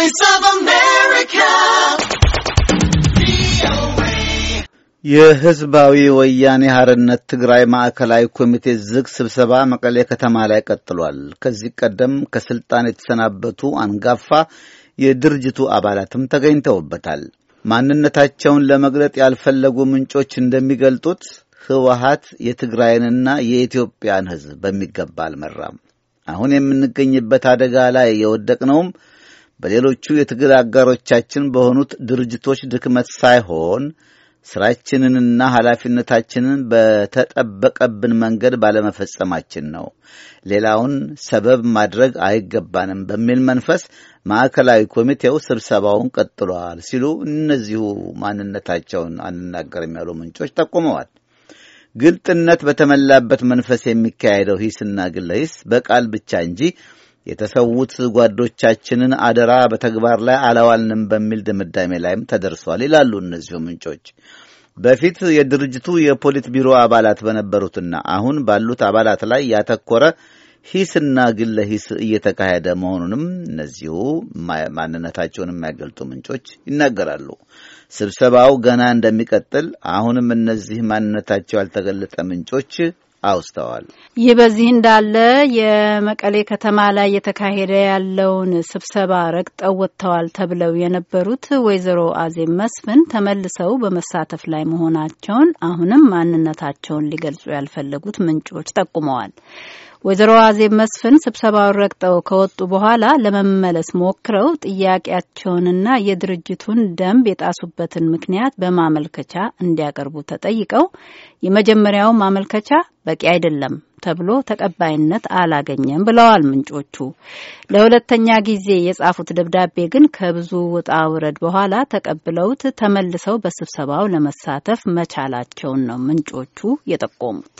Voice of America. የህዝባዊ ወያኔ ሀርነት ትግራይ ማዕከላዊ ኮሚቴ ዝግ ስብሰባ መቀሌ ከተማ ላይ ቀጥሏል። ከዚህ ቀደም ከስልጣን የተሰናበቱ አንጋፋ የድርጅቱ አባላትም ተገኝተውበታል። ማንነታቸውን ለመግለጥ ያልፈለጉ ምንጮች እንደሚገልጡት ህወሀት የትግራይንና የኢትዮጵያን ህዝብ በሚገባ አልመራም። አሁን የምንገኝበት አደጋ ላይ የወደቅነውም በሌሎቹ የትግል አጋሮቻችን በሆኑት ድርጅቶች ድክመት ሳይሆን ስራችንንና ኃላፊነታችንን በተጠበቀብን መንገድ ባለመፈጸማችን ነው። ሌላውን ሰበብ ማድረግ አይገባንም በሚል መንፈስ ማዕከላዊ ኮሚቴው ስብሰባውን ቀጥሏል ሲሉ እነዚሁ ማንነታቸውን አንናገርም ያሉ ምንጮች ጠቁመዋል። ግልጥነት በተሞላበት መንፈስ የሚካሄደው ሂስና ግለ ሂስ በቃል ብቻ እንጂ የተሰዉት ጓዶቻችንን አደራ በተግባር ላይ አላዋልንም በሚል ድምዳሜ ላይም ተደርሷል ይላሉ እነዚሁ ምንጮች። በፊት የድርጅቱ የፖሊት ቢሮ አባላት በነበሩትና አሁን ባሉት አባላት ላይ ያተኮረ ሂስና ግለ ሂስ እየተካሄደ መሆኑንም እነዚሁ ማንነታቸውን የማይገልጡ ምንጮች ይናገራሉ። ስብሰባው ገና እንደሚቀጥል አሁንም እነዚህ ማንነታቸው ያልተገለጠ ምንጮች አውስተዋል። ይህ በዚህ እንዳለ የመቀሌ ከተማ ላይ የተካሄደ ያለውን ስብሰባ ረግጠው ወጥተዋል ተብለው የነበሩት ወይዘሮ አዜብ መስፍን ተመልሰው በመሳተፍ ላይ መሆናቸውን አሁንም ማንነታቸውን ሊገልጹ ያልፈለጉት ምንጮች ጠቁመዋል። ወይዘሮ አዜብ መስፍን ስብሰባውን ረግጠው ከወጡ በኋላ ለመመለስ ሞክረው ጥያቄያቸውንና የድርጅቱን ደንብ የጣሱበትን ምክንያት በማመልከቻ እንዲያቀርቡ ተጠይቀው የመጀመሪያው ማመልከቻ በቂ አይደለም ተብሎ ተቀባይነት አላገኘም ብለዋል ምንጮቹ። ለሁለተኛ ጊዜ የጻፉት ደብዳቤ ግን ከብዙ ውጣ ውረድ በኋላ ተቀብለውት ተመልሰው በስብሰባው ለመሳተፍ መቻላቸውን ነው ምንጮቹ የጠቆሙት።